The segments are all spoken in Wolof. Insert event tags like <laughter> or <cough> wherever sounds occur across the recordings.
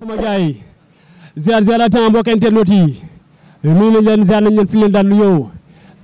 sama gars yi ziar ziaraat mbokk internautes yi nuyu nañ leen ziar nañ leen fi leen daal lu yow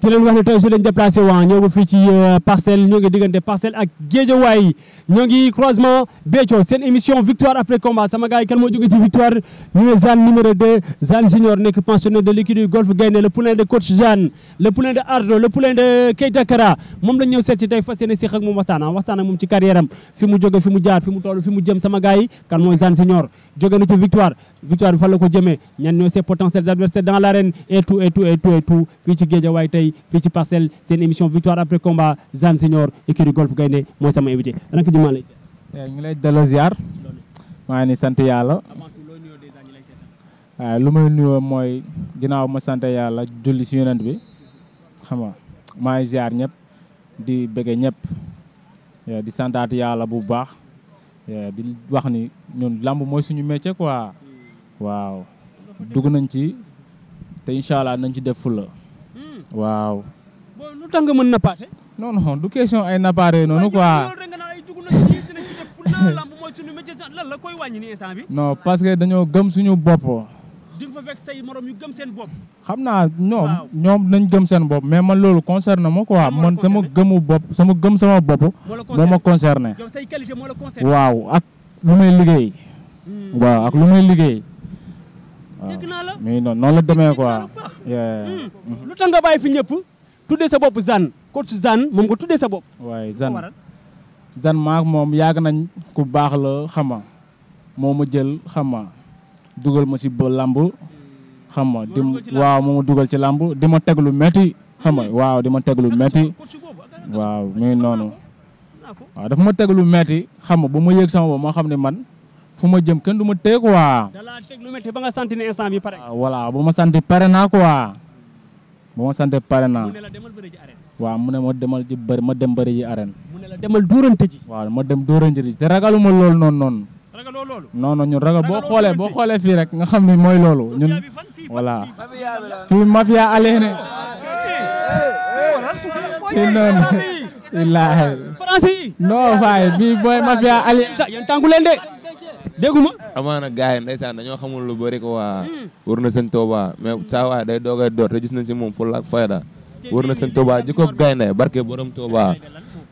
di leen wax ni tey su leen déplacé wa ñoo ngi fii ci euh, parcelle ñoo ngi diggante parcelle ak géejawaay ñoo ngi croisement Béthio sen émission victoire après combat sama gars yi kan moo joggé ci victoire ñu ne Zane numéro 2 Zane junior nek pensionnaire de l'équipe du golf Gaynde le poulain de coach Jeanne le poulain de Ardo le poulain de Keita Kara mom lañ ñëw sét ci tay fas yéene ak mom waxtana ah, waxtana mom ci carrière am fi mu joggé fi mu jaar fi mu toll fi mu jëm sama gars yi kan moy Zane junior joggé na ci victoire victoire bi fan la ko jëmee ñan ñooy ses potentiels adversaires dans l'arène et tout et tout et tout et tout fii ci Guédiawaye tey fii ci parcelle seen émission victoire après combat Zane Senior écurie golf gaynde mooy sama invité rank ji maa lay eh, ñu ngi lay delloo ziar maa sant yàlla waaw eh, lu may nuyoo mooy ginnaaw ma sant yàlla julli si yonent bi xam nga maa ngi ziar ñëpp di bëgge ñëpp eh, di santaat yàlla bu baax di wax ni ñun làmb mooy suñu métier quoi waaw dugg nañ ci te incha allah nañ ci def fula hmm. waaw. booy lu tax nga mën nappaate. non non du question ay nappaare noonu quoi. <laughs> non parce que dañoo gëm suñu bopp. xam naa ñoom ñoom nañ gëm seen bopp mais man loolu concerne ma quoi man sama gëmu bopp sama gëm sama bopp. moo ma waaw ak lu may liggéey. Hmm. waaw ak lu may liggéey. dégg naa la mais non noonu la demee quoi. Hmm. lu tax nga bàyyi fi ñëpp. tuddee sa bopp Zane coach Zane moom ko tuddee sa bopp. waaye Zane Zane maak moom yàgg nañ ku baax la xama moo ma jël xama dugal ma si ba làmb xama di ma dugal ci làmb di ma teg lu metti xama hmm. waaw di ma teg lu metti waaw muy noonu waaw dafa ma teg lu xama ba ma yëg sama bopp moo xam ne man. fuma jëm kën duma ma téye quoi. da laa teg lu métti ba nga sant instant bi pare. voilà bu ma sant pare quoi buma santé paré na wa mu ne la demal ci ji ma dem bëri ji arène. mu la demal dóorante ji. wa ma dem dóorante ji té ragaluma lool non non ñun ragal boo xoolee boo xoolee fii rek nga xam ni loolu ñun. wala fi mafia Alehne. ne. non. noonu. illaahi. non fay fii booy mafia Alehne. yéen tàngu de. dégguma amaana gars yi ndeysaan dañoo xamul lu bëri ko waa wër na seen Tuuba mais saa waay day doog a door te gis nañ si moom fulla ak fayda wër na seen Tuuba ji ko gaynde barke borom Tuuba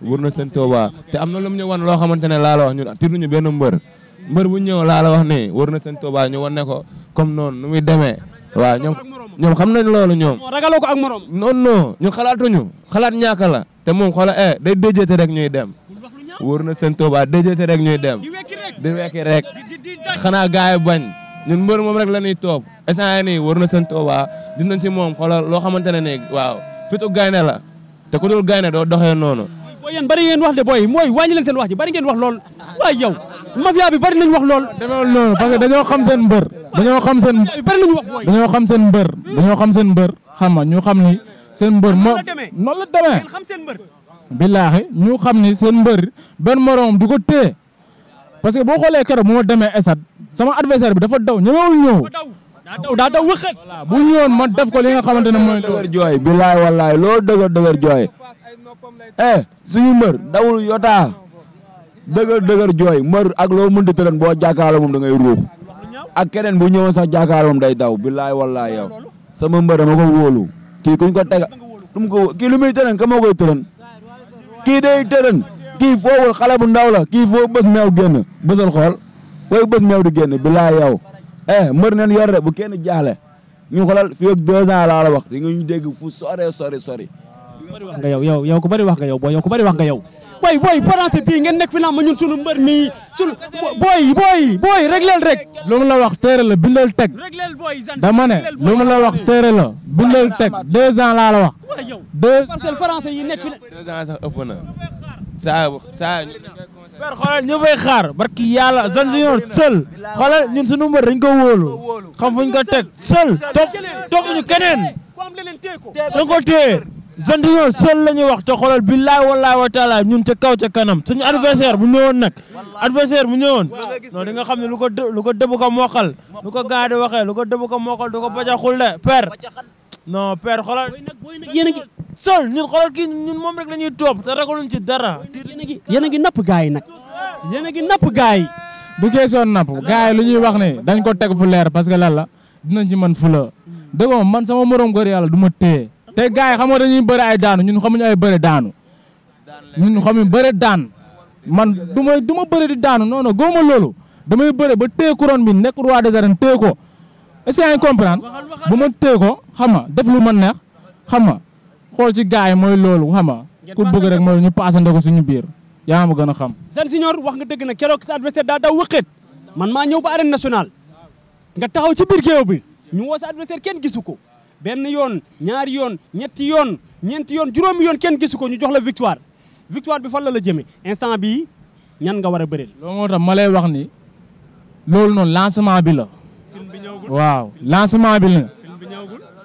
wër na seen Tuuba te am na lo mu ñu wan loo xamante ne laa la wax ñun tiruñu benn mbër mbër bu ñëw laa la wax nii wër na seen Tuuba ñu wan ne ko comme noonu nu muy demee waaw ñoom ñoom xam nañ loolu ñoom ragaloo ko ak morom non non ñun xalaatuñu xalaat ñàkk la te moom xoola eh day déjéete rek ñuy dem wër na seen Tuuba déjéete rek ñuy dem di wekki rek xanaa gaay bañ ñun mbër moom rek la ñuy toog instant yii war na seen Tuuba din nañ si moom xoolal loo xamante ne nii waaw fitu gaynde la te ku dul gaynde doo doxee noonu. booy yéen bari ngeen wax de booy mooy wàññi leen seen wax ji bari ngeen wax lool waaye yow mafia bi bari lañu wax lool. demeewul noonu parce dañoo xam seen mbër. dañoo xam seen bari nañ xam seen mbër dañoo xam seen mbër xam nga ñu xam ni seen mbër moo. noonu la demee. billaahi ñu xam ni seen mbër benn moroom du ko téye parce que bo xolé keroog mo démé esat sama adversaire bi dafa daw ñëwul ñëw. daa daw daa daw wëqët. bu ñëwon ma def ko li nga xamantene ne mooy. dëgër jooy bilaay wallaay loo dëgër dëgër jooy. eh suñu mër dawul yota dëgër dëgër joy mër ak loo mënti tëran bo jàkkaarloo mom da ngay ruux ak keneen bu ñëwoon sax jàkkaarloo moom day daw billahi wallahi yow sama mër dama ko wolu ki kuñ ko teg dum ko ki lu muy tëran ka mo koy tëran ki day tëran kii foowul xale bu ndaw la kii foo bés meew génn bésal xool way bés meew di génn bilaa yow eh mër neen yor de bu kenn jaaxle ñu xoolal fii ak deux ans laa la wax di nga ñu dégg fu sore sori sori bëri wax nga yow yow yow ku bëri wax nga yow booy yow ku bëri wax nga yow booy booy français bii ngeen nekk fi naa ma ñun sunu mbër mii sunu booy booy booy régleel rek lu la wax téere la bindal teg dama ne lu mu la wax téere la bindal teg deux ans laa la wax deux ans sax ëpp na saabu saabu. père xoolal ñu fay xaar barki yàlla Zanzibar seul xoolal ñun suñu mbër dañ ko wóolu xam fuñ ko teg seul topp toppuñu keneen dañ ko téye Zanzibar seul la ñuy wax te xoolal billaay wallaay wa taala ñun ca kaw ca kanam suñu adversaire bu ñëwoon nag adversaire bu ñëwoon non di nga xam ne lu ko lu ko dëbb ko mokkal lu ko gaa di waxee lu ko dëbb ko mokkal du ko bajaxul de père non père xoolal sol ñun xolal ki ñun mom rek lañuy top topp te ñu ci dara. yéen gi nap gaay nak yi gi nap gaay ngi napp gars yi. du keesoon napp gars yi lu ñuy wax ne dañ ko teg fu leer parce que lalla dinañ ci man fu la dëgg man sama morom gor yàlla duma ma te gaay xamoo dañuy bëre ay daanu ñun xamuñ ay bëre daanu ñun xamuñu bëre daan man du ma du ma bëri di daanu non non góoma loolu damay bëre ba téye couronne bi nekk roi de garan téye ko est-ce que yaa ngi comprendre bu ma téye ko xam nga def lu ma neex xam nga xool ci gars yi mooy loolu xam ku bëgg rek mooy ñu paasante ko suñu biir yaa ma gën a xam Zane wax nga dëgg nag keroog sa adversaire daa daw wëqeet man maa ñëw ba arène nationale nga taxaw ci biir bi ñu woo sa adversaire kenn gisu ko benn yoon ñaari yoon ñetti yoon ñeenti yoon juróomi yoon kenn gisu ko ñu jox la victoire victoire bi fan la la jëmee instant bii ñan nga war a bëreel loolu moo tax ma lay ni loolu noonu bi la waaw lancement bi la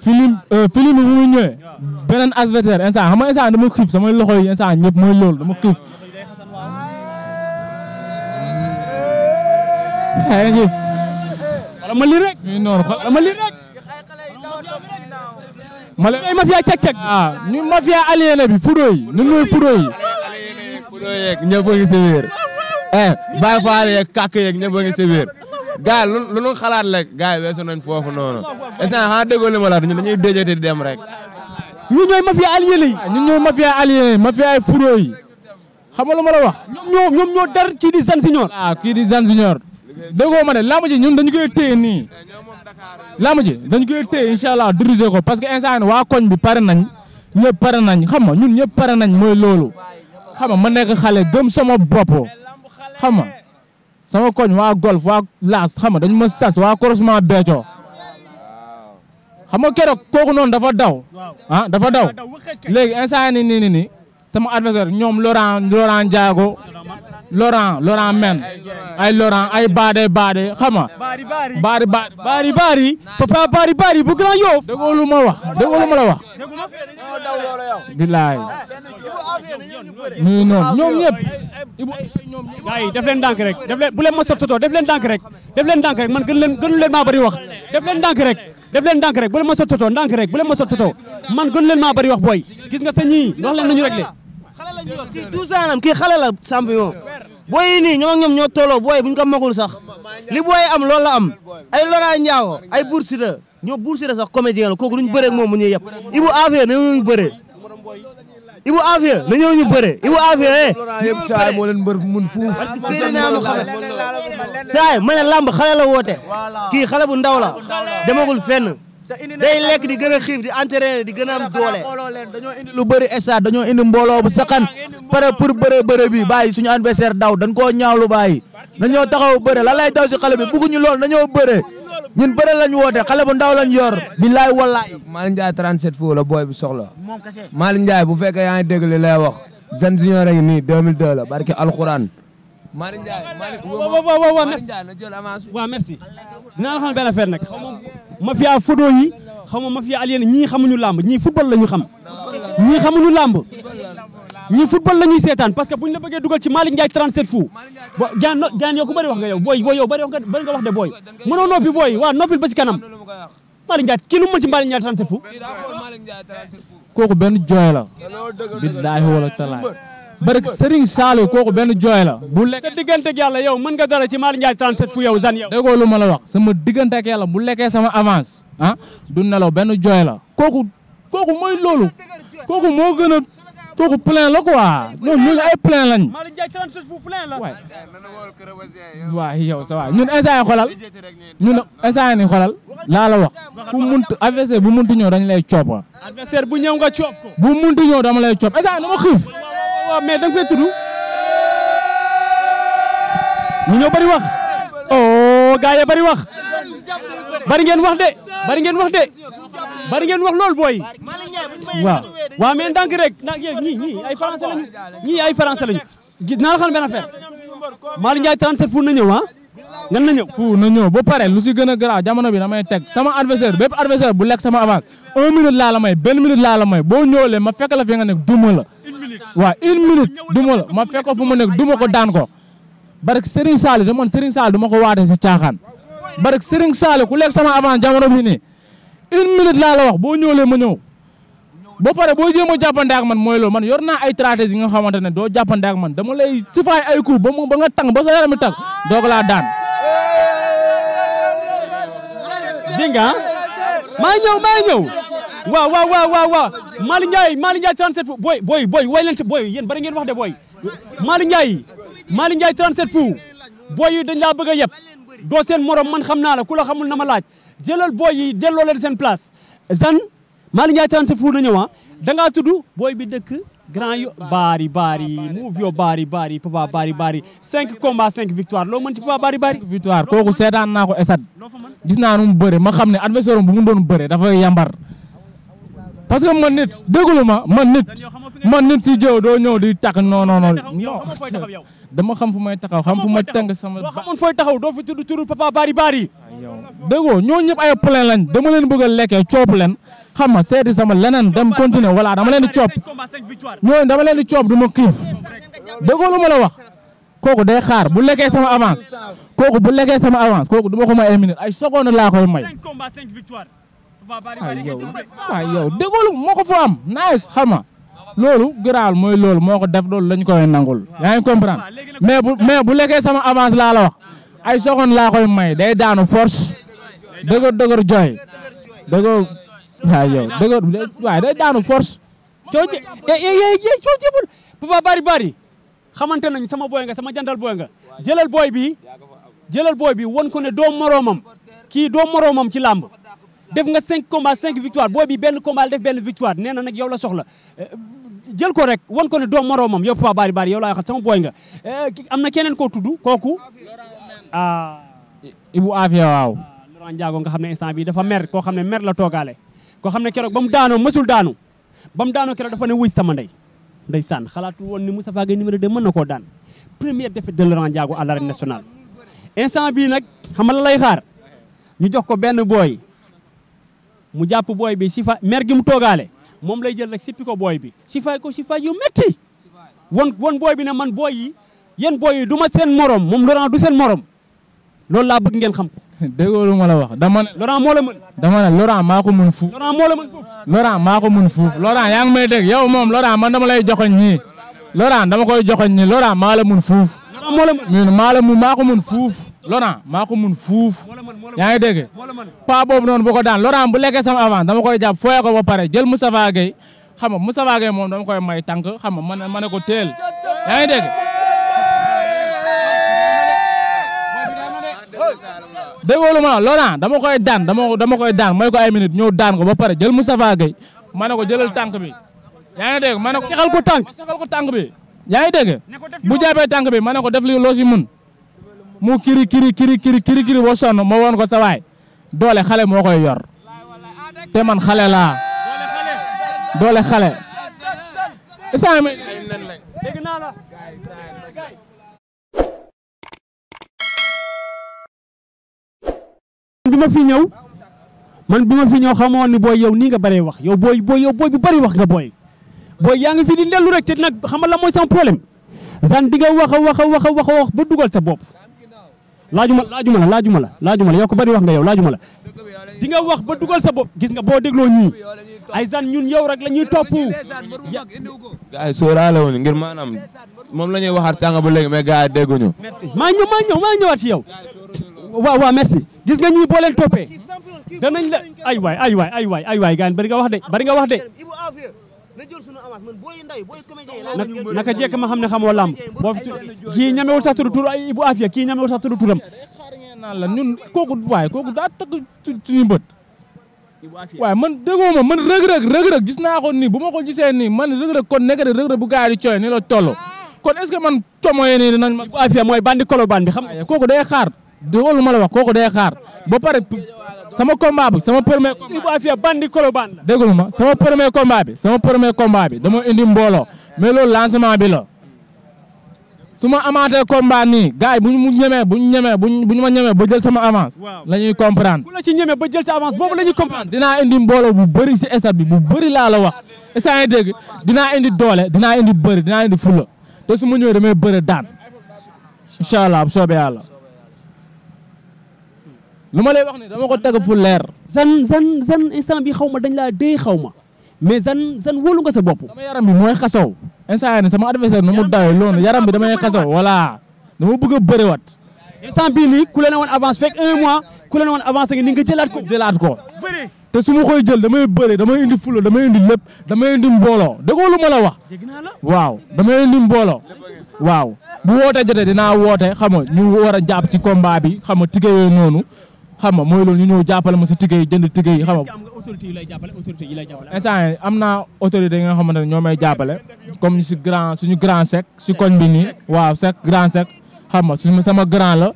filim euh, filim bi mu ñëwee beneen adversaire instant xam nga instant dama xiif samay loxo yi instant ñëpp mooy loolu dama xiif. yaa ngi gis. wala ma lii rek. noonu wala ma lii rek. ma leen ay mafia cek cek. ah ñu mafia aliéné bi fudo yi ñun ñooy fudo yi. fudo yeeg ñëpp a ngi si biir. eh Baye Fall yeeg kàkk yeeg ñëpp a ngi si biir. gars yi lu nu xalaat rek gars yi weesu nañ foofu noonu instant xanaa déggoo li ñun dañuy déjati di dem rek. ñun ñooy mafia allié yi ah, ñun ñooy mafia allié mafia ay furo yi xam nga lu ma la wax. ñoom ñoo dar kii di Zane Junior. ah kii di Zane Junior. déggoo ma de làmb ji ñun dañu koy téye nii làmb ji dañu koy téye incha allah diriger ko parce que instant waa koñ bi pare nañ ñëpp pare nañ xam nga ñun ñëpp pare nañ mooy loolu xam nga ma nekk xale gëm sama bopp xam nga sama koñ waa golf waa laas xam nga dañ ma sas waa croisement Béthio xam nga keroog kooku noonu dafa daw ah dafa daw léegi instant ni nii ni nii sama adversaire ñoom Laurent Laurent Ndiago Laurent Laurent men ay Laurent ay baade baade xam nga baari baari baari papa baari baari bu grand yow lu ma wax déggoo lu ma la wax bilaay muy noonu ñoom ñëpp gars yi def leen dànk rek def leen bu leen ma sot sotoo def leen dànk rek def leen rek man gën leen gënu leen maa bëri wax def leen dànk rek def leen dànk rek bu leen ma sot sotoo dànk rek bu leen ma sot sotoo man gënu leen maa bëri wax booy gis nga sa ñii wax leen nañu rek xale lañ yor kii 12 ans am kii xale la champion booy yi nii ñoom ak ñoom ñoo tolloo booy bu ñu ko magul sax li booy am loolu la am ay Laurent Ndiago ay Bour Siteu ñoo Bour Siteu sax comédien la kooku duñ bëree moom mu ñuy yeb Ibou Afia nañoo ñu bëree Ibou Afia nañoo ñu bëree Ibou Afia eh. ñëpp saay moo mu xame saay ma ne lamb xale la woote kii xale bu ndaw la demagul fenn. day lekk di gën a xiif di entraîné di gën a am doole. dañoo indi lu bëri stade dañoo indi mbooloo bu sakan pare pour bëre bëre bi bàyyi suñu adversaire daw dañ koo ñaawlu bàyyi nañoo taxaw bëre la lay daw si xale bi ñu lool nañoo bëre ñun bëre lañ woote xale bu ndaw lañ yor. billaay wallaay. Malick Ndiaye 37 fou la booy bi soxla. Malick Ndiaye bu fekkee yaa ngi dégg li lay wax. Zane Junior rek nii 2002 la barki alxuraan. Malick Ndiaye Malick na jël avance waaw merci dinaa la xam benn affaire nag xaw ma mafia fodo yi xaw ma mafia alien ñii xamuñu làmb ñii football la ñu xam ñii xamuñu làmb ñii football la ñuy seetaan parce que buñ la bëggee dugal ci Malick Ndiaye 37 fou jaan ku bëri wax nga yow booy booy yow bëri wax nga bëri nga wax de booy mënoo noppi booy waaw noppil ba ci kanam Malick Ndiaye kii lu mu mën ci Malick Ndiaye 37 fou kooku benn jooy la billaahi wala talaay barke Serigne Saliou kooku benn jooy la bu lekk sa diggante ak yàlla yow mën nga dara ci Malick Ndiaye 37 fu yow zan yow déggoo lu ma la wax sama diggante ak yàlla bu lekkee sama avance ah du nelaw benn jooy la kooku kooku mooy loolu kooku moo gën a kooku plein la quoi ñun ñun ay plein lañ waay waay yow sa waay ñun instant yi xolal ñun instant yi ni xolal laa la wax ku muntu adversaire bu muntu ñëw dañ lay coob adversaire bu ñëw nga coob ko bu muntu ñëw dama lay coob instant yi dama xiif waaw mais da nga fay tudd ñu ñëw bari wax oh gars yi bari wax bari ngeen wax de bari ngeen wax de bari ngeen wax lool booy waaw waaw mais ndànk rek ndànk ñii ñii ay français lañu ñii ay français lañu gis naa la xam benn affaire Malick Ndiaye fu na ñëw ah nan na ñëw fu na ñëw ba pare lu si gën a garaaw jamono bi damay teg sama adversaire bépp adversaire bu lekk sama avance 1 minute laa la may benn minute laa la may boo ñëwlee ma fekk la fi nga nekk duma la waaw une minute duma la ma fekk ko fu ma nekk duma ko daan ko barek Serigne Sall man Serigne Sall du ma ko waatee si caaxaan barek Serigne Sall ku lekk sama avant jamono bi nii une minute laa la wax boo ñëwlee ma ñëw ba boo jéem a jàppande man mooy loolu man yor naa ay stratégie yi xamante ne doo jàppande man dama lay sifaay ay coup ba mu ba nga tàng ba sa yaram mi tàng doog laa daan dinga maa ñëw waaw waaw waaw waaw waaw Mali Ndiaye Mali Ndiaye 37 fu booy booy booy way leen si booy yéen bari ngeen wax de booy Mali Ndiaye Mali Ndiaye 37 fu booy yi dañ laa bëgg a yëpp doo seen morom man xam naa la ku la xamul na ma laaj jëlal booy yi delloo leen seen place zan Mali Ndiaye 37 fu na ñëwa ah. da ngaa tudd booy bi dëkk grand yo baari baari move yo baari baari papa baari baari cinq combats cinq victoire loo mën ci papa baari baari victoire kooku seetaan naa ko esat gis naa nu mu bëre ma xam ne adversaire bu mu doon bëre dafa yambar parce que man nit déglu ma man nit man nit si jëw doo ñëw di takk non non non dama xam fu may taxaw xam fu ma tënk sama. boo xamoon fooy taxaw doo fi tudd turu papa bari bari. déggoo ñoo ñëpp ay plein lañ dama leen bëgg a lekkee coop leen xam ma seeti sama leneen dem continuer voilà dama leen di coop ñooñu dama leen di coop du ma xiif déggoo lu ma la wax kooku day xaar bu lekkee sama avance kooku bu lekkee sama avance kooku du ma ko may ay minute ay laa koy ay yow waay yow déggoo moo ko fa am nice xam nga loolu gëraal mooy loolu moo ko def loolu lañ koy nangul yaa ngi comprendre mais bu mais bu lekkee sama avance laa la wax ay soxon laa koy may day daanu force dëgër dëgër jooy dëgër waay yow dëgër waay day daanu force coo yee eh, eh, eh, coo jëbul papa bari bari xamante nañ sama boy nga sama jantal boy nga jëlal boy bi jëlal boy bi won ko ne doo moroomam kii doo moroomam ci làmb def nga 5 combats 5 victoire boo bi benn combat def benn victoire nee na nag yow la soxla eh, jël ko rek wan ko ne doo moroomam yow Papa Bari Bari yow laa waxal sama booy nga eh, am na keneen koo tudd kooku. ah. Ibu Afia waaw. Ah, Laurent nga xam ne instant bi dafa mer koo xam ne mer la toogaale. koo xam ne keroog ba mu daanoo mësul daanu ba mu daanoo keroog dafa ne wuy samanday ndey ndeysaan xalaatu woon ni Moustapha Gueye numéro dem mën na koo daan première défaite de Laurent Ndiago à l'arène nationale instant bii nag xam lay xaar ñu jox ko benn booy. mu jàpp booy bi si fa mer gi mu toogaale moom lay jël rek sippi ko booy bi si fay ko si fay yu métti won won booy bi ne man booy yi yéen booy yi du ma seen morom moom Laurent du sen morom loolu laa bëgg ngeen xam ko. <laughs> déggoo ma la wax dama ne. Laurent moo la mën. dama maa ko mën fuuf. Laurent moo ko mën fuuf Laurent yaa ngi may dégg yow moom Laurent man dama lay joxoñ ñii Laurent dama koy joxoñ ñii Laurent maa la mën fuuf. mën maa la mën maa ko mën fuuf. Laurent maa ko mun fuuf yaa ngi dégg pa boobu noonu bu ko daan Laurent bu lekkee sama avant dama koy jàpp fooyee ko ba pare jël Moustapha Gueye xam nga Moustapha Gueye moom dama koy may tànk xam nga man ma ne ko teel yaa ngi dégg déggoo ma Laurent dama koy daan dama dama koy daan may ko ay minutes ñëw daan ko ba pare jël Moustapha Gueye ma ne ko jëlal tànk bi yaa ngi dégg ma ne ko saxal ko tànk saxal ko tànk bi yaa ngi dégg bu jàppee tànk bi ma ne ko def li loo si mun mu kiri kiri kiri kiri kiri kiri ba sonn ma woon ko sa doole xale moo koy yor te man xale laa doole xale isaan ma dégg la man bi ma fi ñëw man bi ma fi ñëw xamoon ni booy yow nii nga bëree wax yow booy booy yow booy bi bëri wax nga booy booy yaa ngi fi di dellu rek te nag xam nga la mooy sama problème zan di nga wax a wax a wax a wax ba dugal sa bopp laajuma laajuma la laajuma la laajuma la yow ko bari wax nga yow laajuma la di nga wax ba dugal sa bopp gis nga boo dégloo ñii ay zan ñun yow rek la ñuy topp gars yi sóoraale wuñu ngir maanaam moom la ñuy waxaat sànq ba léegi mais gars yi dégguñu maa ñëw maa ñëw maa ñëwaat ci yow wa waaw merci gis nga ñii boo leen toppee danañ la ay waay ay waay ay waay ay waay gars yi nga wax de bari nga wax de naka jekk ma xam ne xamoo làmb boo fi kii ñamewul sax tudd tur ay Ibou Afia kii ñamewul sax tudd turam naan la ñun kooku waaye kooku daa takk suñu bët waaye man déggoo ma man rëg-rëg rëg-rëg gis naa ko nii bu ma ko gisee ni man rëg-rëg kon nekk de rëg bu gars yi di cooy kon est-ce que man comoye nii dinañ ma Ibou Afia mooy bandi kolo bandi xam kooku day xaar loolu ma la wax kooku day xaar ba pare sama combat bi sama premier. Ibou Afia bandi Colobane la. déglu ma sama premier combat bi sama premier combat bi dama indi mbooloo mais loolu lancement bi la su ma amaatee combat nii gars yi bu ñu ñemee bu ñu ñemee bu ñu ma ñemee ba jël sama avance. la ñuy comprendre. bu la ci ñemee ba jël sa boobu la ñuy comprendre. dinaa indi mbooloo bu bëri si stade bi bu bëri laa la wax instant yii dégg dinaa indi doole dinaa indi bëri dinaa indi fula te su ma ñëwee damay bëri daan incha allah yàlla. lu ma lay wax ni dama ko teg fu leer. zan zan zan instant bi xaw ma dañ laa dee xaw ma mais zan zan wóolu nga sa bopp. sama yaram bi mooy xasaw instant yii sama adversaire nu mu dawee yaram bi damay xasaw voilà dama bëgg a bëriwaat. instant bii nii ku leen woon avance fekk un mois ku leen woon avance ni nga jëlaat ko. jëlaat ko te su ma koy jël damay bëri damay indi fulo damay indi lépp damay indi mbooloo déggoo lu ma la wax. waaw damay indi mbooloo waaw bu jote jotee dinaa woote xam nga ñu war a jàpp ci combat bi xam nga tigewee noonu. xam nga mooy loolu ñu ñëw jàppale ma si tigéey jënd tigéey xam nga. autorité yi am naa autorité yi nga xamante ne ñoo may jàppale comme si grand suñu grand si koñ bi nii waaw sec grand sec xam nga suñu sama grand la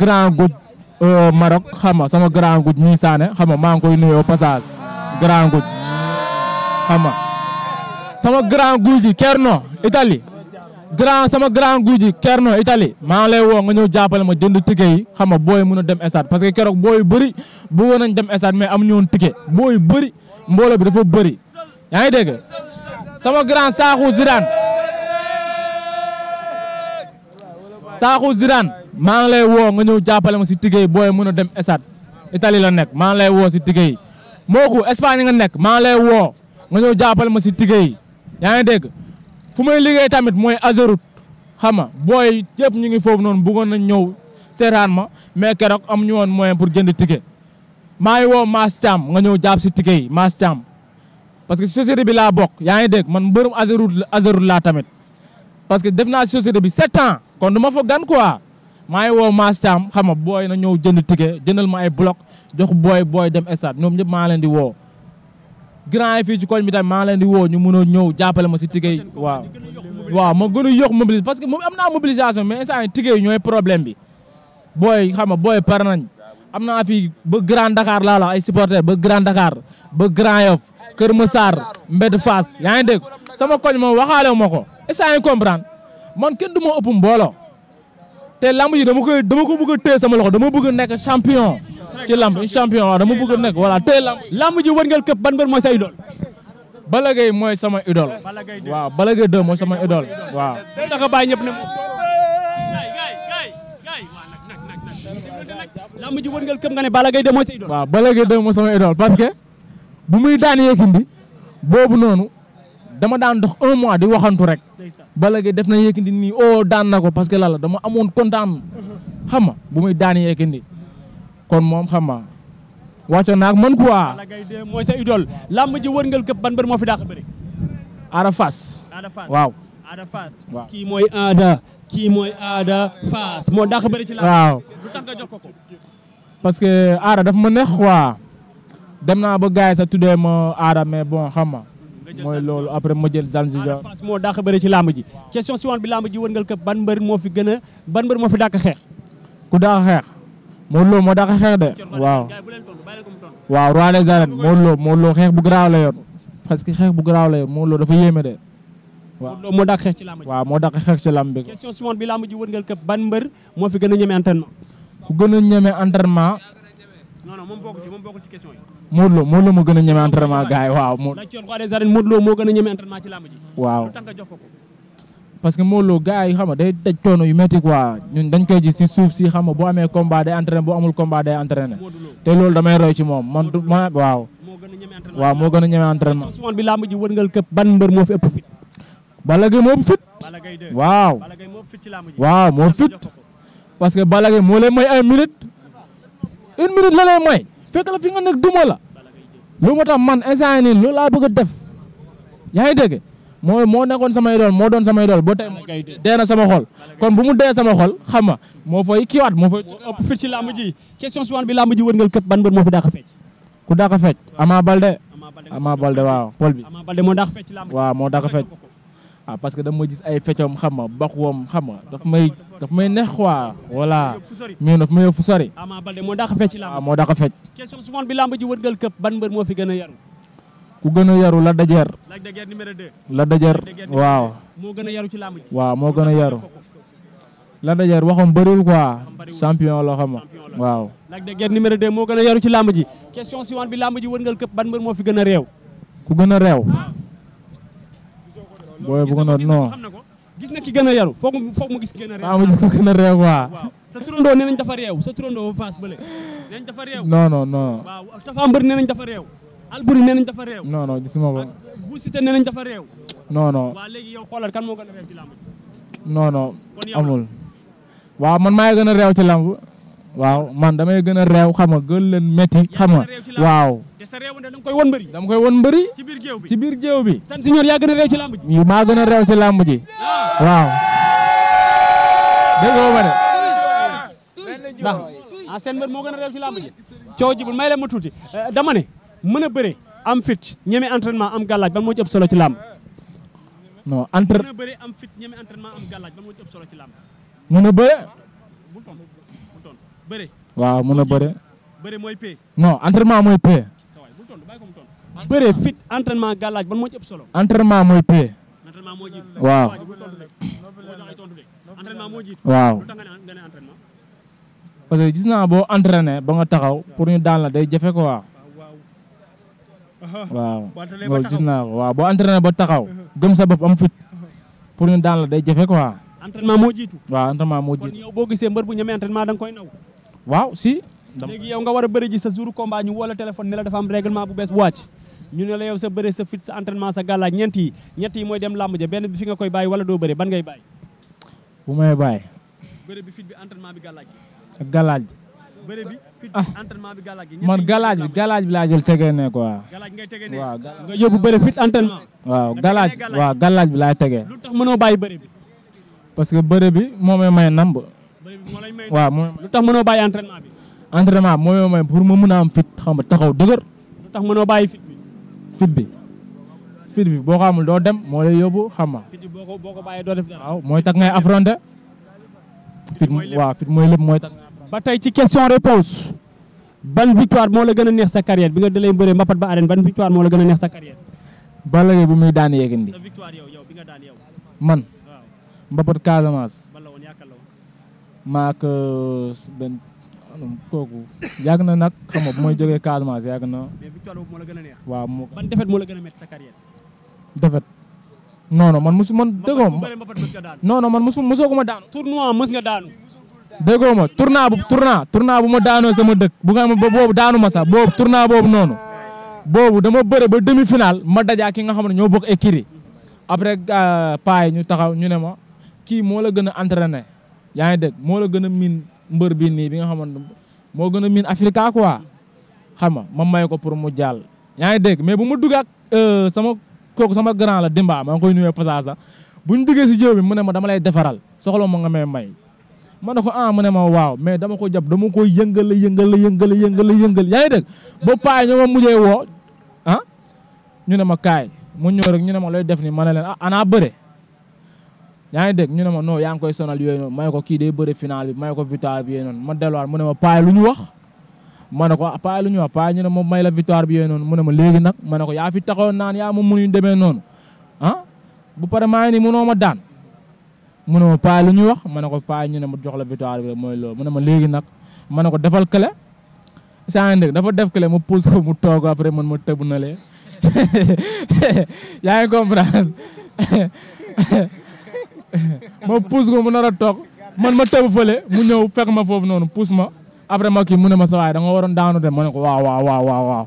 grand gud euh, Maroc xam nga sama grand gud ñii saane xam nga maa ngi koy nuyoo passage grand gud xam nga sama grand gud ji Kerno Italie. grand sama grand guy ji Kerno Italie maa ngi lay woo nga ñëw jàppale ma jënd ticket yi xam nga booy mun a dem stade parce que keroog booy bëri bëggoon nañ dem esat mais am ñu woon ticket booy bëri mbooloo bi dafa bëri yaa ngi dégg sama grand Saaxu Zidane Saaxu Zidane maa ngi lay woo nga ñëw jàppale ma si ticket yi mën mun a dem stade itali la nekk maa ngi lay woo si ticket yi Moku Espagne nga nekk maa la lay woo nga ñëw jàppale ma si ticket yi yaa ngi dégg fu may liggéey tamit mooy Azerut xam nga booy yëpp ñu ngi foofu noonu bëggoon na ñëw seraan ma mais keroog am ñu woon moyen pour jënd ticket maa ngi woo Mass Thiam nga ñëw jàpp si ticket yi Mass parce que société bi laa bokk yaa ngi dégg man mbërum Azerut Azerut laa tamit parce que def naa société bi sept ans kon du ma fa gan quoi maa ngi woo Mass Thiam xam nga booy na ñëw jënd ticket jëndal ma ay bloc jox booy booy dem stade ñoom ñëpp maa leen di woo. grand yi ci koñ bi tamit maa leen di woo ñu mën a ñëw jàppale ma si tigéey waaw waaw ma gën a yokk mobilisation parce que am naa mobilisation mais instant yi tigéey ñooy problème bi booy xam nga booy par nañ am naa fi ba Grand Dakar laa la ay supporter ba Grand Dakar ba Grand Yoff Kër Massar Mbedd Fass yaa ngi dégg sama koñ moom waxaale ma ko instant yi man kenn du ma ëpp mbooloo te lamb yi dama koy dama ko bëgg a téye sama loxo dama bëgg a nekk champion ci lamb champion waaw dama bëgg a nekk voilà tey lamb. lamb ji wërngal këpp ban mbër mooy sa idole. Balla Gaye mooy sama idole. waaw Balla Gaye 2 mooy sama idole waaw. da nga bàyyi ne moom. lamb ji wërngal këpp nga ne Balla Gaye 2 mooy sa idole. parce que bu muy daan Yékini boobu noonu dama daan dox un mois di waxantu rek. ba Gaye def na Yékini nii oo oh, daan na ko parce que lala dama amoon kontaan xam nga bu muy daan Yékini kon moom xam nga wàcce naa ak man mooy sa idole. làmb ji wërngal këpp ban mbër moo fi dàq bëri. mooy Ada. kii mooy Ada Fass moo dàq bëri ci làmb. waaw ma neex quoi. naa ba gars yi sa tuddee ma xam nga loolu après ma jël Zanzibar. Ada moo dàq bëri ci làmb ji. question suivante bi ji wërngal ban mbër moo fi gën a ban moo fi dàq xeex. ku dàq xeex. Modou Lo moo daq xeex de waaw waaw roi des arènes moo Lo Modou Lo xeex bu garaaw la yoon parce que xeex bu garaaw la yoon Modou Lo dafa yéeme de waaw moo daq xeex ci làmb waaw moo daq xeex ci làmb bi question suivante bi làmb ji wërngal këpp ban mbër moo fi gën a ñeme entraînement ku gën a ñeme entraînement non non moom bokku ci moom bokku ci question yi Modou moo gën a ñeme entraînement gars yi waaw Modou roi des arènes moo gën a ñeme entraînement ci làmb ji waaw lu ko parce que Modou Lo gars yi xam nga day daj coono yu métti quoi ñun dañ koy gis si suuf si xam nga amee combat day entraîné bu amul combat day entraîné te loolu damay roy ci moom man waaw. moo gën a ñeme entraînement. suman waaw. waaw moo fit. parce que Balla moo lay may ay minute une minute la lay may fekk la fi nga nekk duma la. lu ma tax man instant nii loolu laa bëgg a def yaa ngi moo moo nekkoon sama dool moo doon samay dool ba na sama xol kon bu mu dee sama xol xam ma moo fay kiiwaat moo fay ëpp fit ci làmb ji question bi làmb ji wërngal këpp ban mbër moo fi dàq fecc ku dàq fecc Ama Baldé Ama Baldé waaw pol bi Ama Baldé moo dàq fecc moo dàq fecc ah parce que dama gis ay feccom xam ma bax woom xam ma daf may may neex may fu sori Ama Baldé moo dàq fecc làmb waaw ah, moo dàq fecc bi làmb ji wërngal këpp ban mbër moo fi gën a yaru ku gën a yaru la dajeer. la dajeer waaw. moo gën a yaru ci làmb ji. moo gën a yaru. la dajeer waxam bëriwul quoi champion la xam waaw. Lac de Guiers numéro 2 moo gën a yaru ci làmb ji question suivante bi làmb ji wërngal këpp ban mbër moo fi gën a réew. ku gën a réew. booy bu a non. gis na gën a yaru foog mu foog mu gis gën a réew. waaw mu gis ko gën a réew quoi. sa turandoo nee nañ dafa réew sa turandoo face bële. nee nañ dafa réew. non non non. waaw Alboury nee nañ dafa réew. non non ko. Bou Siteu nee nañ dafa réew. yow xoolal kan moo gën a réew ci waaw man maa gën a réew ci làmb. waaw man damay gën a réew xam nga gën leen métti xam nga waaw. te sa réew da koy won mbëri. da nga koy won mbëri. ci biir géew bi ci biir géew bi. tan si ñor yaa gën a réew ci làmb ji. maa gën a réew ci làmb ji. waaw. dégg nga ma ah, ci làmb ji. coow tuuti eh, dama ne. mën a bëre am fit ñeme entraînement am gàllaaj ban moo ci ëpp solo ci làmb. non entre mën a bëre am fit ñeme entraînement am gàllaaj ban solo ci làmb. mën a waaw mën a mooy pay. non entraînement mooy pay. bëre fit entraînement gàllaaj ban moo ci ëpp solo. entraînement mooy pay. waaw. waaw. parce que gis naa boo entraîné ba nga taxaw pour ñu daan la day jafe ko waaw waaw loolu gis naa ko waaw boo entraîné ba taxaw gëm sa bopp am fit pour ñu daan la day jafe quoi. entraînement moo jiitu. waaw entraînement moo jiitu kon yow boo gisee mbër bu ñemee entraînement da nga koy naw. waaw si. léegi yow nga war a bëri ji sa jour combat ñu woo téléphone ne la dafa am règlement bu bees bu wàcc. ñu ne la yow sa bëre sa fit sa entraînement sa gàllaaj ñeent yi ñett yi mooy dem làmb ja benn bi fi nga koy bàyyi wala doo bëre ban ngay bàyyi. bu may bàyyi. bëre bi fit bi entraînement bi gàllaaj. gàllaaj bi. bi ah man galaaj bi galaaj bi laa jël tegee ne quoi waaw. yóbbu bëri fit entraînement. waaw galaaj waaw galaaj bi laa tegee. parce que bëri bi moo may namb. waaw moo may pour ma mën a am fit xam nga taxaw dëgër. lu tax mënoo bàyyi fit bi. fit bi boo ko doo dem moo lay yóbbu xam nga. mooy tax ngay affronter. fit mooy fit mooy lépp mooy ba tey ci question réponse ban victoire moo la gën a neex sa carrière bi nga dalay bëree mbapat ba arène ban victoire moo la gën a neex sa carrière. Balla Gaye bu muy daan Yékini. sa victoire yow yow bi nga daan yow. man mbapat Casamance. maa ak euh, benn na nag xam bu may jógee Casamance yàgg na. moo la gën a neex. waaw moo ban défaite moo la gën a métti sa carrière. défaite. non non man mosu man. dëggoo non non man mosu mosoo ma nga daanu. déggoo ma tournant bu tournant tournant bu ma daanoo sama dëkk bu nga ma boobu daanu ma sax boobu tournant boobu noonu boobu dama bëre ba demi final ma dajaa ki nga xam ne ñoo bokk écurie après euh, paa yi ñu taxaw ñu ne ma kii moo la gën a entraîné yaa ngi dégg moo la gën a miin mbër bii nii bi nga xamante moo gën a miin Africa quoi xam nga ma may ko pour mu jaal yaa ngi dégg mais bu ma duggaat euh, sama kooku sama grand la Dimba maa ngi koy nuyee Pasasa bu ñu duggee si jiw bi mu ne ma dama lay defaral soxla ma nga may may. ma ne ko ah mu ne ma waaw mais dama ko jàpp dama ko yëngal yëngal yëngal yëngal yëngal yaa ngi dégg ba paay ñoo ma mujjee woo ah ñu ne ma kaay mu ñëw rek ñu ne ma looy def ni ma ne leen ah ana bëre yaa ngi dégg ñu ne ma non yaa ngi koy sonal yooyu noonu may ko kii day bëre final bi may ko victoire bi yooyu noonu ma delluwaat mu ne ma paay lu ñu wax ma ne ko ah, paay lu ñu wax paay ñu ne ma may la victoire bi yooyu noonu mu ne ma léegi nag ma ne ko yaa fi taxaw naan yaa ma mënuñ demee noonu ah bu pare maa ngi nii mënoo ma daan mu ne ma paa lu ñuy wax ma ne ko paa ñu ne ma jox la victoire bi rek mooy loolu ma ne ma léegi nag ma ne ko defal clé saa ngi dégg dafa def clé ma pousse ko mu toog après man ma tëb na lee <laughs> yaa ngi comprendre <laughs> ma pousse ko mu a toog man ma tëb fële mu ñëw fekk ma foofu noonu pousse ma après ma kii mu ma sa waay da waroon daanu dem ma ne ko waaw waaw waaw waaw waaw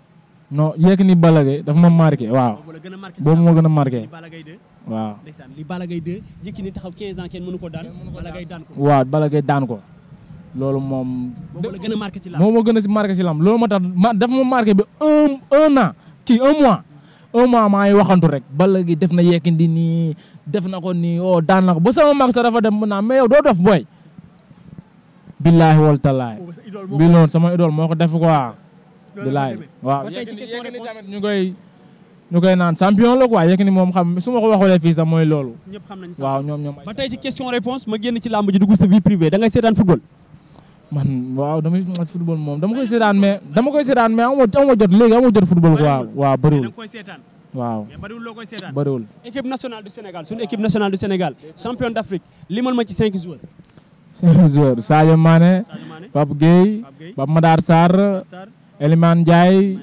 non Yékini Balla Gaye dafa ma marqué waaw. boobu moo gën a marqué waaw. li Balla Gaye 2 Yékini taxaw 15 ans kenn mënu ko daan Balla Gaye daan ko. waaw Balla Gaye loolu moom. moom gën a marqué ci lamb moom moo gën a marqué ci lamb loolu moo tax ma dafa ma marqué ba un un an kii un mois. un mois maa waxantu rek Balla def na Yékini nii def na ko nii oh daan na ko ba sama mag sa dafa dem naa mais yow doo dof booy. billaahi wal talaay. bi loolu sama idol moo ko def quoi. bilaay ñu koy naan champion la quoi Yékini moom xam su ko waxoolee fii sax mooy loolu. waaw ñoom ñoom. ma génn ci làmb ji dugg sa vie privée da ngay seetaan football. man waaw damay football moom dama koy seetaan mais dama koy seetaan mais amoo jot léegi amoo jot football waaw bëriwul. équipe nationale du Sénégal suñu équipe nationale du Sénégal champion d'Afrique limal ma ci cinq joueurs. cinq joueurs Sadio Mané Pape Gueye Pape Madar Sarr. Elimane Ndiaye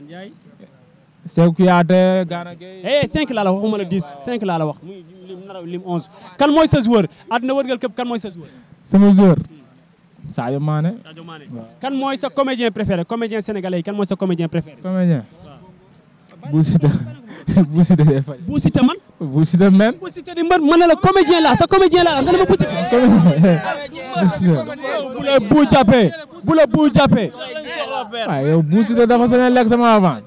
Sekou Kouyaté Gana Gueye eh cinq laa la wax waxuma la dix cinq laa la wax muy lim naraw lim onze kan mooy sa joueur àdduna wërgal këpp kan mooy sa joueur sama joueur Sadio Mané Sadio Mané kan mooy sa comédien préféré comédien sénégalais yi kan mooy sa comédien préféré comédien Bou Siteu <laughs> Bou man Boussita men. Boussita di mbër mën na la comédien la sa comédien la nga ne bu la bu jàppee bu la bu jàppee. waaw ah, yow Boussita dafa seen lekk sama avant.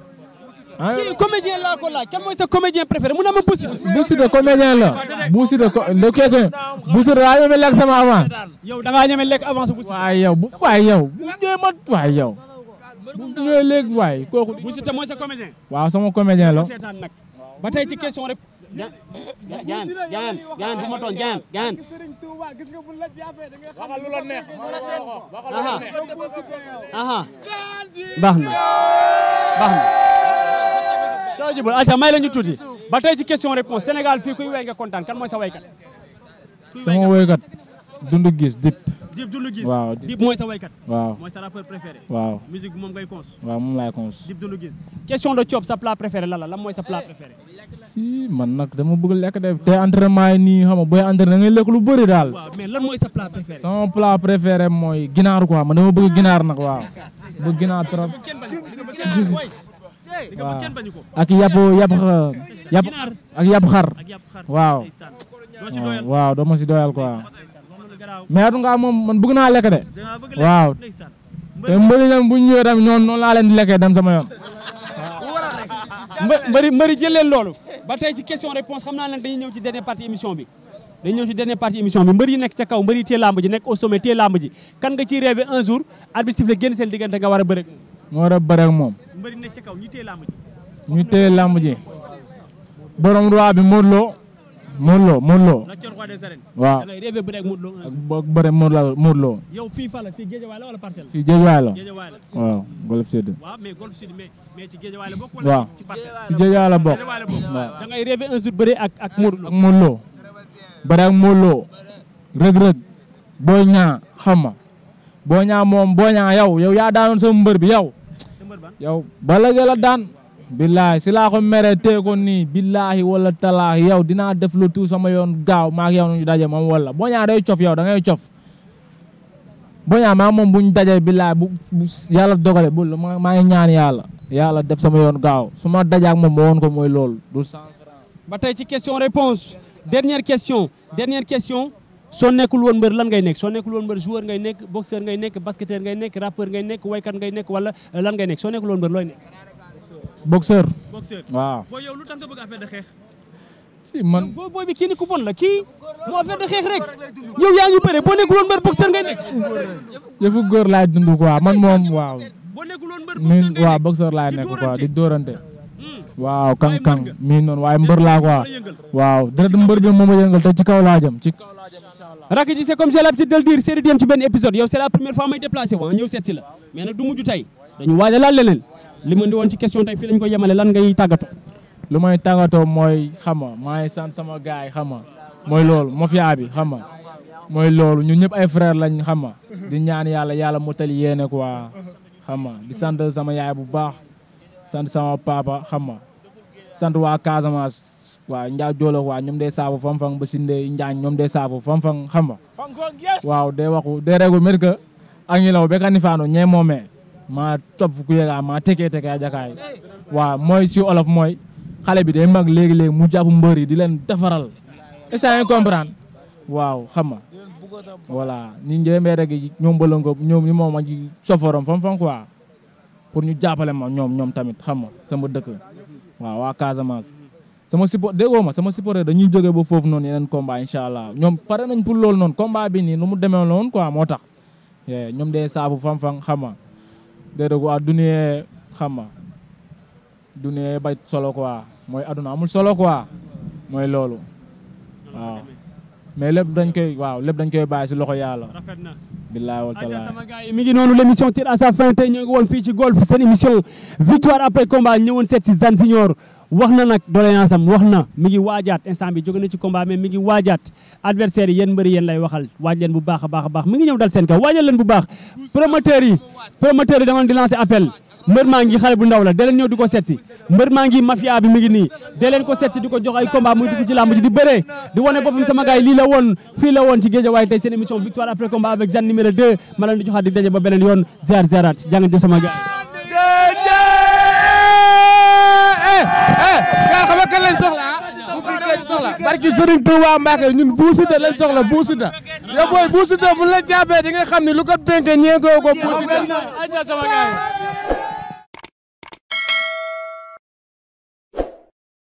ah kii ko laaj kan mooy sa comédien mu ne ma Boussita. Boussita comédien la Boussita co le lekk sama avant. avance Boussita. waay yow bu waay yow bu ñëwee ma waay yow. bu ñëwee léegi waay kooku. Boussita sa comédien. waaw jaan jaan jaan jaan fu ma jaan jaan baax na baax na soo jibul aca may la tuuti ba tey ci question réponse Sénégal fii kuy way kontaan kan mooy sa waykat sama waykat dundu gis dip Dip Doundou Guiss waaw Dip mooy sa waykat waaw mooy sa rappeur préféré waaw musique moom ngay cons question de coop sa plat préféré la la lan mooy sa plat eh. préféré si man nag dama bëgg lekk def te entraînement yi nii xam booy entraîné da ngay lekk lu bëri daal waaw mais lan mooy sa plat préféré sama plat préféré mooy ginaar quoi man dama bëgg ginaar nag waaw bëgg ginaar trop waaw ak yàpp yàpp yàpp ak yàpp xar waaw waaw doo ma si doyal mais ngaa moom man bëgg naa lekk de waaw te mbëri bu ñëwee tamit ñoom noonu laa leen di lekkee dem sama yoon. mbëri mbëri jël loolu ba tey ci question réponse xam naa nag ci dernière partie émission bi dañu ñëw ci dernière partie émission bi mbër yi nekk ca kaw mbër yi téye ji nekk au sommet téye lamb ji kan nga ciy rêvé un jour arbitre siffle génn seen diggante nga war a bëre ak moom. war a bëre ak moom. mbër yi nekk ca kaw ñu téye lamb ji. borom roi bi Modou Modou Lo Modou Lo. waaw ak bëre Modou Lo. yow fii fan la fii Géejawaay la wala parcelle la. fii Géejawaay la waaw Golf Sud. waaw si Géejawaay la bokk. waaw da ngay rêvé un jour bëre ak ak Modou Lo. ak Modou Lo bëre ak Modou Lo. rëg-rëg boo ñaa xam ma boo ñaa moom boo ñaa yow yow yaa daanoon sama mbër bi yow. yow bala nga la daan. billahi sila ko mere tee ko ni billahi wala tala yow dina def lu tout sama yon gaaw ma ak yow ñu daje mom wala boo ñaa day ciof yow da ngay ciof boo ñaa maa moom buñ dajee billahi bu yalla dogale bu ma ngi ñaan yalla yalla def sama yon gaaw suma ma ak moom won ko moy lool du ba tay ci question réponse dernière question dernière question so nekul won mbeur lan ngay nek so nekul won mbeur joueur ngay nek boxeur ngay nek basketteur ngay nek rappeur ngay nek waykat ngay nek wala lan ngay nek so nekul won mbeur loy nek boxeur. boxeur waaw. booy yow lu tax man boo booy bi kii ni ku bon la kii mu affaire de xeex rek yow yaa ngi bëre boo nekkul woon mbër boxeur ngay nekk. yëfu góor laay dund quoi man moom waaw. min waaw boxeur laay nekk quoi di dóorante. Hmm. waaw kang kang mi noonu waaye mbër laa quoi waaw dërët mbër bi moom a yëngal te ci kaw laa jëm ci kaw laa jëm inshallah rakk ji c'est comme j'ai l'habitude di yem ci benn épisode yow c'est la première fois may déplacé wa ah. ñëw seet si la mais nag du mujj tey dañu waajalaat leneen li ma ndi woon ci question tey fii lañ ko yemale lan ngay tàggatoo. lu may tàggatoo mooy xam nga maa sant sama gars yi xam nga mooy loolu mafia bi xam nga mooy loolu ñun ñëpp ay frère lañ xam nga di ñaan yàlla yàlla motali yéene quoi xam nga di sant sama yaay bu baax sant sama papa xam nga sant waa Casamance. waaw njaa jooloo waaw ñoom day saabu fanfang ba sinde njaañ ñoom day saabu fanfang xam nga waaw day waxu day regu mer que ak ñi law be moome maa topp ku yega maa tekee tekee jakaay waaw mooy si olof mooy xale bi day mag léegi-léegi mu jàpp mbër yi di leen defaral est-ce waaw xam nga voilà ni njëmee rek ñoom balango ñoom ñu moom a ji ñu jàppale ma ñoom ñoom tamit xam nga sama dëkk waaw waa Casamance sama support déggoo ma sama supporter dañuy jógee ba foofu noonu yeneen combat incha allah ñoom pare nañ pour noonu combat bi nii lu mu demee woon quoi moo tax eh, ñoom dee saabu fam-fam déedéet waa duniyee xam ma duniyee bay solo quoi mooy aduna amul solo quoi mooy loolu waaw mais lépp dañ koy waaw lépp dañ koy bàyyi si loxo yàlla. rafet na billaay wal talaay sama gars mi ngi noonu l' émission tire à sa fin tey ñoo ngi woon fii ci golf seen émission victoire après combat ñëwoon seet si Zane Signor wax na nag doléance am wax na mi ngi waajaat instant bi jóge na ci combat mais mi ngi waajaat adversaire yi yéen mbëri yéen lay waxal waaj leen bu baax a baax a mi ngi ñëw dal seen kaw waajal leen bu baax promoteur yi promoteur yi di lancer appel mbër maa ngi xale bu ndaw la da leen ñëw di ko seet mbër maa ngi mafia bi mi ngi nii da leen ko seet si di ko jox ay combat muy dugg ci làmb ji di bëree di wane boppam sama gars lii la woon fii la woon ci Guédiawaye tey ma leen yaa xam nga kan lañ soxla bu Siteu lañ barki Sëriñ Tuubaa ñun bu lañ soxla bu Siteu yow booy la jàppee di nga xam ne lu ko penke ñeengoo ko